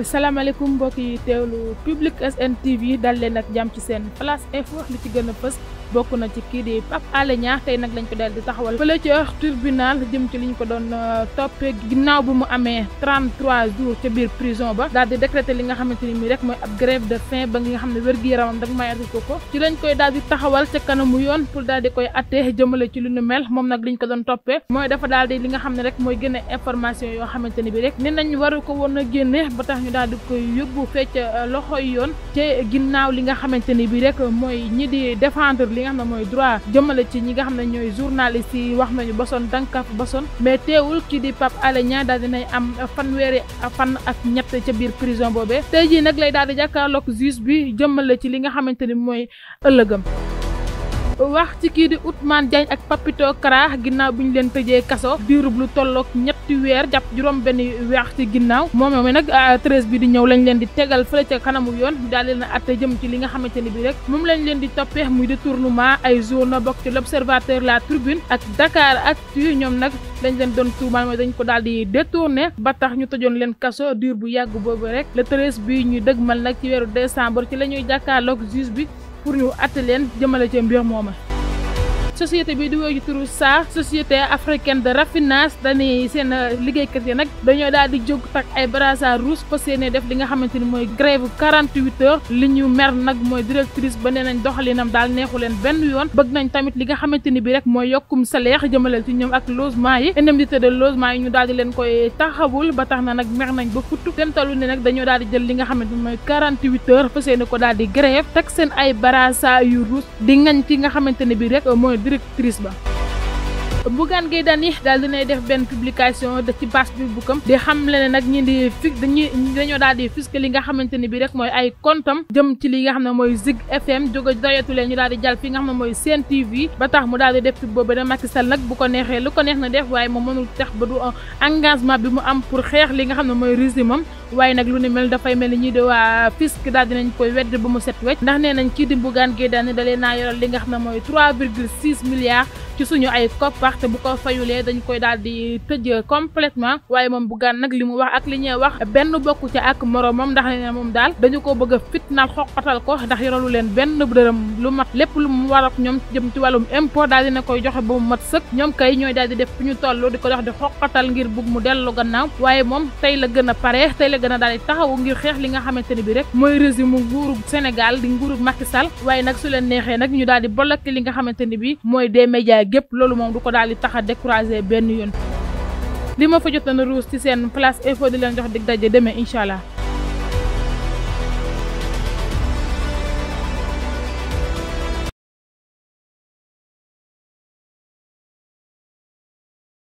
salaamaaleykum mbokk yi teewlu Public SN TV dal leen ak jàmm ci seen Flash Info li ci gën a fës bokk na ci kii di Pape Alé tey nag lañ ko daal di taxawal fële ca tribunal jëm ci liñ ko doon euh, toppee ginnaaw bu mu amee 33 jours ca biir prison ba daal di décréter li nga xamante ni mi rek mooy ab grève de faim ne wér ko koy daal di taxawal ca kanamu yoon pour daal di koy attee jëmale ci lu nu mel moom nag liñ ko doon toppee mooy dafa daal li nga xam ne rek mooy génne information yoo xamante ni bi rek ne nañ waru ko woon a génne ba tax ñu daal di koy yóbbu fecc euh, loxoy yoon ca ginnaaw li nga xamante ni bi rek mooy ñi di défendre li li nga xam ne mooy droit jëmale ci ñi nga xam ne ñooy journalistes yi wax nañu boson dankaf boson mais teewul kii di Pape Alé Niang daal dinay am fanweeri fan ak ñett ca biir prison boobee tey jii nag lay daal di jàkkaarloog juge bi jëmale ci li nga xamante ni mooy ëllëgam wax ci kii di Ousmane Diagne ak Papito Kara ginnaaw bi ñu leen tëjee kaso diirub lu tolloog ñetti weer jàpp juróom benn weex ci ginnaaw moom moom nag ah, treize bi di ñëw lañ leen di tegal fële ca kanamu yoon daal leen a atte jëm ci li nga xamante ni bi rek moom lañ leen di toppee muy détournement ay journaux bokk ci l'Observateur La Tribune ak Dakar Actu ñoom nag lañ leen doon tuumaal mooy dañ ko daal di détourné ba tax ñu tojoon leen kaso diir bu yàgg boobu rek le treize bi ñuy dëgmal nag ci weeru décembre ci la ñuy jàkkaarloog juge bi pour ñu àtte leen jëmale ca mbir mooma société bi di wéy ci turu SAR société africaine de raffinage dañuy seen liggéeykat yi nag dañoo daal di jóg takk ay brassards rouges fas yéene def li nga xamante ni mooy grève 48 heures li ñu mer nag mooy directrice ba nee nañ doxalinam daal neexu leen benn yoon bëgg nañ tamit li nga xamante ni bi rek mooy yokkum salaire jëmalal ci ñoom ak logement yi indemnité de logement yi ñu daal di leen koy taxawul ba tax na nag mer nañ ba futtu dem talu ne nag daal di jël li nga xamante ni mooy 48 heures fas yéene ko daal di grève teg seen ay brassards yu rouges xamante ni bi directrice ba Bougane Gueye Dany daal dinay def benn publication da ci bâche bi bukkam di xam le ne ñi di fig dañuy dañoo daal di li nga xamante ni bi rek mooy ay kontam jëm ci li nga xam ne mooy Zig FM jóge doyetulee ñu daal di jàll fi nga xam mooy Sen TV ba tax daal di def pub boobu ne bu ko neexee lu ko neex na def waaye moom mënul tax ba du am pour xeex li nga xam ne mooy régime am waaye nag lu ne mel dafay mel ni ñi di dinañ koy wedd ba mu set wecc ndax nee nañ kii di Bougane Gueye Dany dalee naa yoral li nga xam ne mooy 3,6 milliards ci suñu ay koppar te bu ko fayulee dañu koy daal di tëj completement waaye moom Bougane nag li mu wax ak li ñuy wax benn bokku ci ak moroomam ndax ne moom daal dañu ko bëgg a fitnaal xoqatal ko ndax yoralu leen benn dërëm lu mat lépp lu mu war ñoom jëm ci wàllum impôt daal na koy joxe ba mu mat sëkk ñoom kay ñooy daal di def fu ñu toll di ko dox di xoqatal ngir bugg mu dellu gannaaw waaye moom tey la gën a pare tey la gën a daal di taxaw ngir xeex li nga xamante ne bi rek mooy régime nguurub Sénégal di nguurub Macky Sall waaye nag su leen neexee nag ñu daal di bloqué li nga xamante ne bi mooy des médias Sénégal gépp loolu moom du ko daal di tax a décourager benn yoon. li ma fa jot na ruus ci seen place info di leen jox dig daje de incha allah.